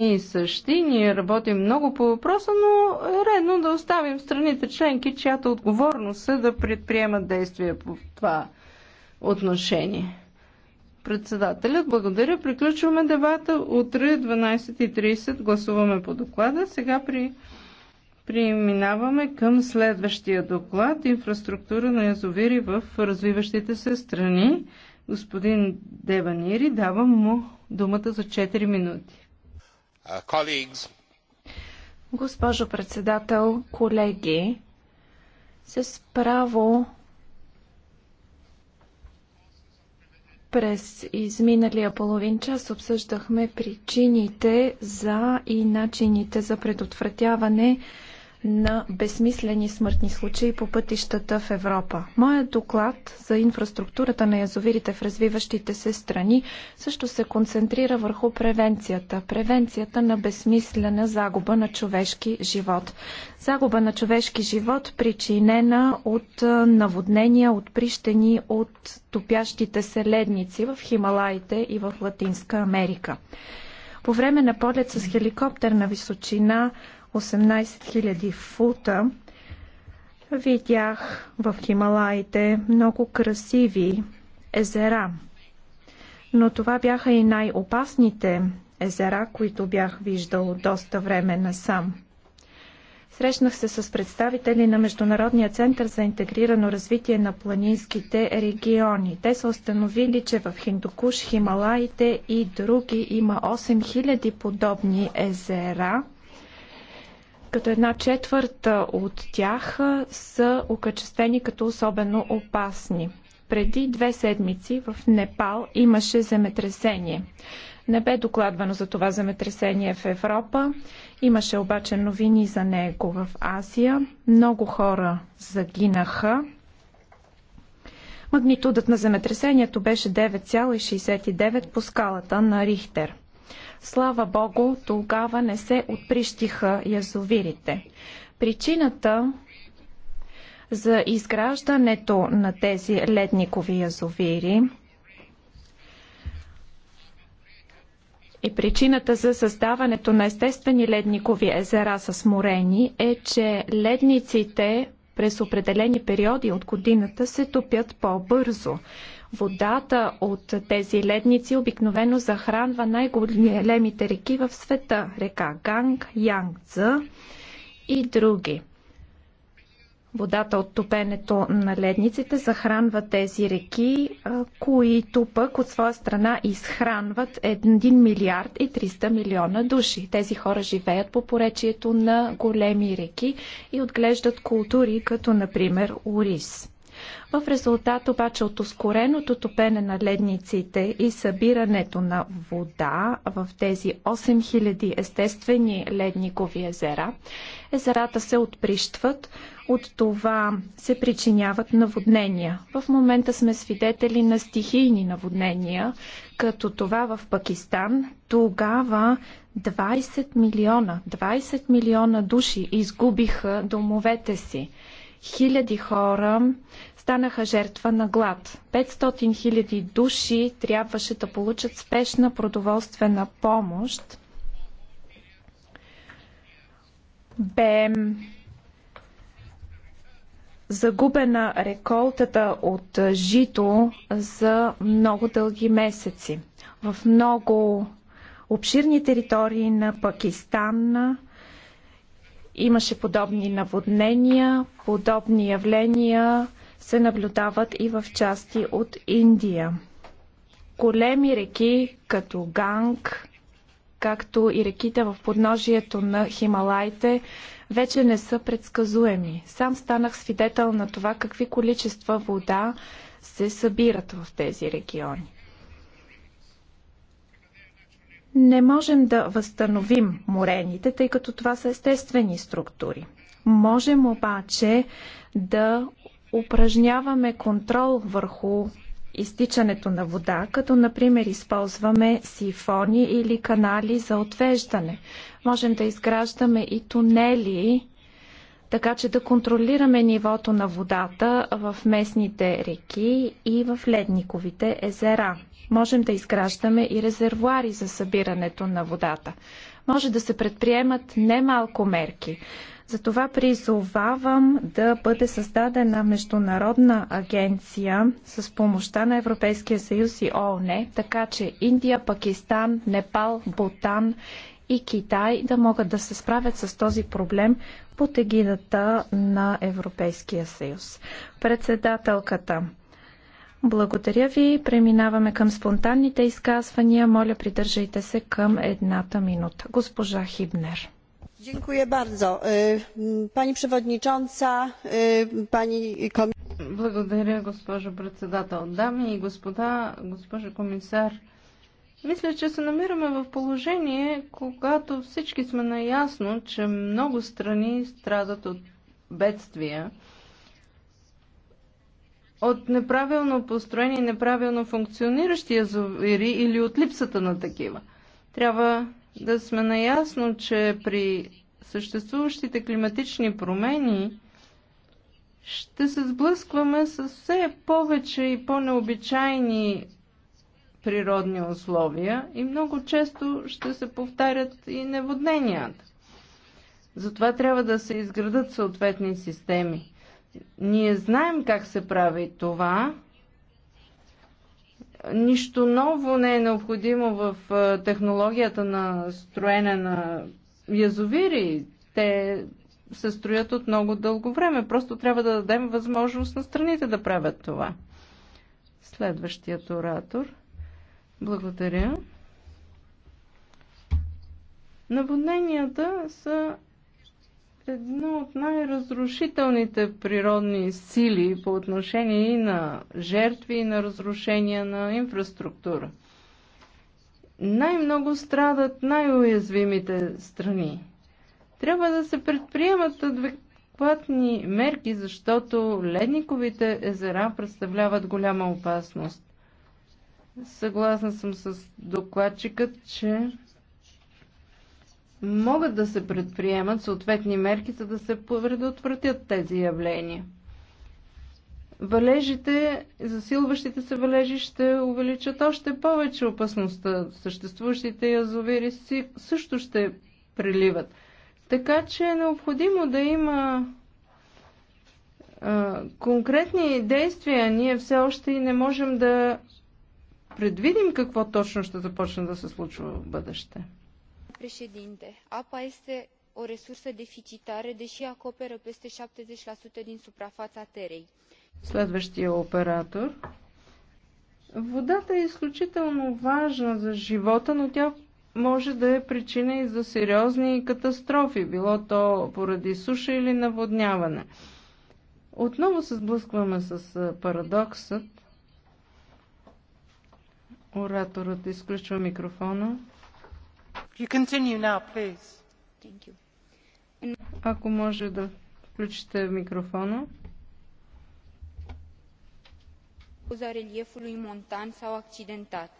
и същи. Ние работим много по въпроса, но е редно да оставим страните членки, чиято отговорност е да предприемат действия по това отношение. Председателят, благодаря. Приключваме дебата. Утре 12.30 гласуваме по доклада. Сега при... преминаваме към следващия доклад. Инфраструктура на язовири в развиващите се страни. Господин Деванири, давам му думата за 4 минути. Uh, Госпожо председател, колеги, с право през изминалия половин час обсъждахме причините за и начините за предотвратяване на безсмислени смъртни случаи по пътищата в Европа. Моят доклад за инфраструктурата на язовирите в развиващите се страни също се концентрира върху превенцията. Превенцията на безсмислена загуба на човешки живот. Загуба на човешки живот, причинена от наводнения, от прищени, от топящите се ледници в Хималаите и в Латинска Америка. По време на полет с хеликоптер на височина 18 000 фута, видях в Хималаите много красиви езера. Но това бяха и най-опасните езера, които бях виждал доста време насам. Срещнах се с представители на Международния център за интегрирано развитие на планинските региони. Те са установили, че в Хиндукуш, Хималаите и други има 8000 подобни езера – като една четвърта от тях са окачествени като особено опасни. Преди две седмици в Непал имаше земетресение. Не бе докладвано за това земетресение в Европа. Имаше обаче новини за него в Азия. Много хора загинаха. Магнитудът на земетресението беше 9,69 по скалата на Рихтер. Слава Богу, тогава не се отприщиха язовирите. Причината за изграждането на тези ледникови язовири и причината за създаването на естествени ледникови езера с морени е, че ледниците през определени периоди от годината се топят по-бързо. Водата от тези ледници обикновено захранва най-големите реки в света река Ганг, Янгца и други. Водата от топенето на ледниците захранва тези реки, които пък от своя страна изхранват 1 милиард и 300 милиона души. Тези хора живеят по поречието на големи реки и отглеждат култури, като например Орис. В резултат обаче от ускореното топене на ледниците и събирането на вода в тези 8000 естествени ледникови езера, езерата се отприщват, от това се причиняват наводнения. В момента сме свидетели на стихийни наводнения, като това в Пакистан. Тогава 20 милиона, 20 милиона души изгубиха домовете си. Хиляди хора станаха жертва на глад. 500 хиляди души трябваше да получат спешна продоволствена помощ. Бе загубена реколтата от жито за много дълги месеци. В много обширни територии на Пакистан Имаше подобни наводнения, подобни явления се наблюдават и в части от Индия. Големи реки, като Ганг, както и реките в подножието на Хималайте, вече не са предсказуеми. Сам станах свидетел на това какви количества вода се събират в тези региони. Не можем да възстановим морените, тъй като това са естествени структури. Можем обаче да упражняваме контрол върху изтичането на вода, като например използваме сифони или канали за отвеждане. Можем да изграждаме и тунели, така че да контролираме нивото на водата в местните реки и в ледниковите езера. Можем да изграждаме и резервуари за събирането на водата. Може да се предприемат немалко мерки. Затова призовавам да бъде създадена международна агенция с помощта на Европейския съюз и ООН, така че Индия, Пакистан, Непал, Бутан и Китай да могат да се справят с този проблем под егидата на Европейския съюз. Председателката благодаря ви. Преминаваме към спонтанните изказвания. Моля, придържайте се към едната минута. Госпожа Хибнер. Dziękuję bardzo. Е, pani przewodnicząca, е, pani Благодаря, госпожо председател. Дами и господа, госпожо комисар, мисля, че се намираме в положение, когато всички сме наясно, че много страни страдат от бедствия от неправилно построени, неправилно функциониращи язовири или от липсата на такива. Трябва да сме наясно, че при съществуващите климатични промени ще се сблъскваме с все повече и по-необичайни природни условия и много често ще се повтарят и наводненията. Затова трябва да се изградат съответни системи. Ние знаем как се прави това. Нищо ново не е необходимо в технологията на строене на язовири. Те се строят от много дълго време. Просто трябва да дадем възможност на страните да правят това. Следващият оратор. Благодаря. Наводненията са едно от най-разрушителните природни сили по отношение и на жертви, и на разрушения на инфраструктура. Най-много страдат най-уязвимите страни. Трябва да се предприемат адекватни мерки, защото ледниковите езера представляват голяма опасност. Съгласна съм с докладчикът, че могат да се предприемат съответни мерки, за да се предотвратят тези явления. Валежите, засилващите се валежи ще увеличат още повече опасността. Съществуващите язовири също ще приливат. Така че е необходимо да има а, конкретни действия. Ние все още и не можем да предвидим какво точно ще започне да се случва в бъдеще apa este o resursă deficitară deși acoperă peste șaptezeci din suprafața terei. Следващия оператор. Водата е изключително важна за живота, но тя може да е причина и за сериозни катастрофи, било то поради суша или наводняване. Отново се сблъскваме с парадоксът. Ораторът изключва микрофона. Ако може да включите микрофона. Cauza reliefului montan sau accidentat.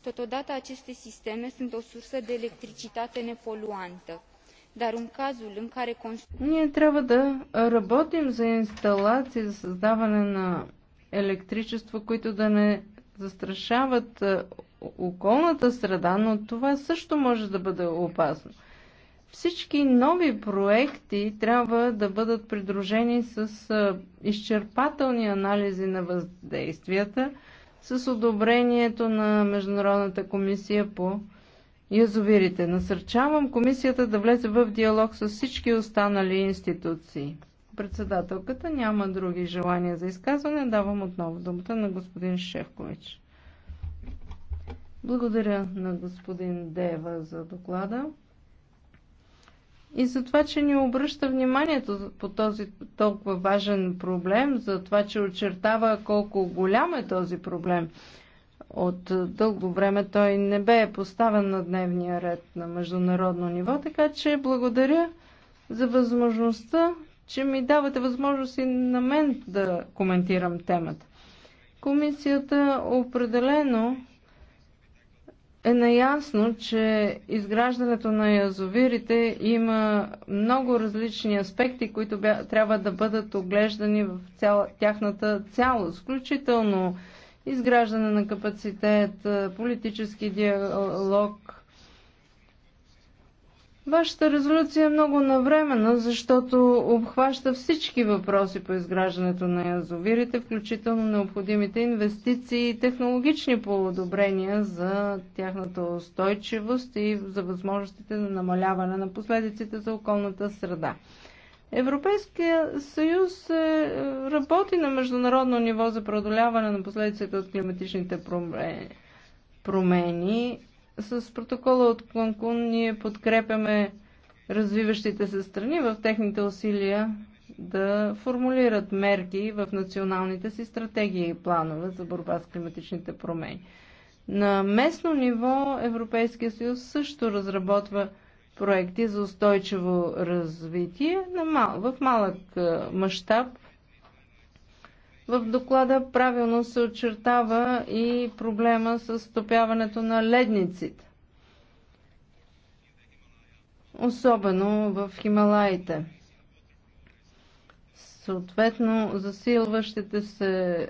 Totodată aceste sisteme sunt o sursă de electricitate nepoluantă. Dar în cazul în care Ние трябва да работим за инсталации за създаване на електричество, които да не застрашават околната среда, но това също може да бъде опасно. Всички нови проекти трябва да бъдат придружени с изчерпателни анализи на въздействията, с одобрението на Международната комисия по язовирите. Насърчавам комисията да влезе в диалог с всички останали институции. Председателката няма други желания за изказване. Давам отново думата на господин Шевкович. Благодаря на господин Дева за доклада и за това, че ни обръща вниманието по този толкова важен проблем, за това, че очертава колко голям е този проблем. От дълго време той не бе поставен на дневния ред на международно ниво, така че благодаря за възможността, че ми давате възможност и на мен да коментирам темата. Комисията определено е наясно, че изграждането на язовирите има много различни аспекти, които бя, трябва да бъдат оглеждани в цяла, тяхната цялост, включително изграждане на капацитет, политически диалог, Вашата резолюция е много навременна, защото обхваща всички въпроси по изграждането на язовирите, включително необходимите инвестиции и технологични подобрения за тяхната устойчивост и за възможностите за намаляване на последиците за околната среда. Европейския съюз е, е, работи на международно ниво за преодоляване на последиците от климатичните промени с протокола от Канкун ние подкрепяме развиващите се страни в техните усилия да формулират мерки в националните си стратегии и планове за борба с климатичните промени. На местно ниво Европейския съюз също разработва проекти за устойчиво развитие на мал, в малък мащаб в доклада правилно се очертава и проблема с стопяването на ледниците. Особено в Хималаите. Съответно, засилващите се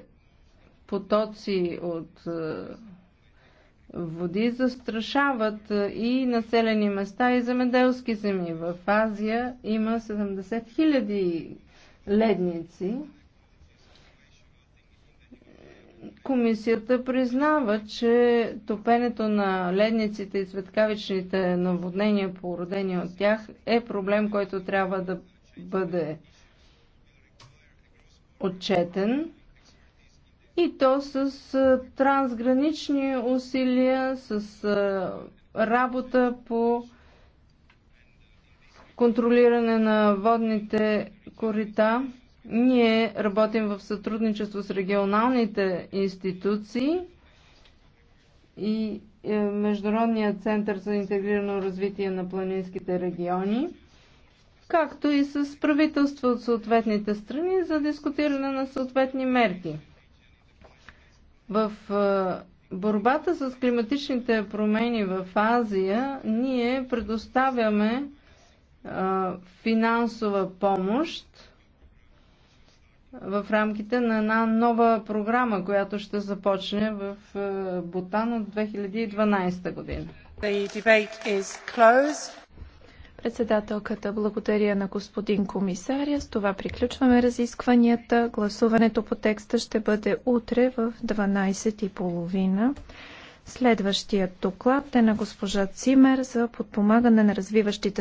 потоци от е, води застрашават е, и населени места и земеделски земи. В Азия има 70 000 ледници, Комисията признава, че топенето на ледниците и светкавичните наводнения, породени от тях, е проблем, който трябва да бъде отчетен и то с трансгранични усилия, с работа по контролиране на водните корита. Ние работим в сътрудничество с регионалните институции и е, Международния център за интегрирано развитие на планинските региони, както и с правителства от съответните страни за дискутиране на съответни мерки. В е, борбата с климатичните промени в Азия ние предоставяме е, финансова помощ в рамките на една нова програма, която ще започне в е, Бутан от 2012 година. Председателката благодаря на господин комисаря. С това приключваме разискванията. Гласуването по текста ще бъде утре в 12.30. Следващият доклад е на госпожа Цимер за подпомагане на развиващите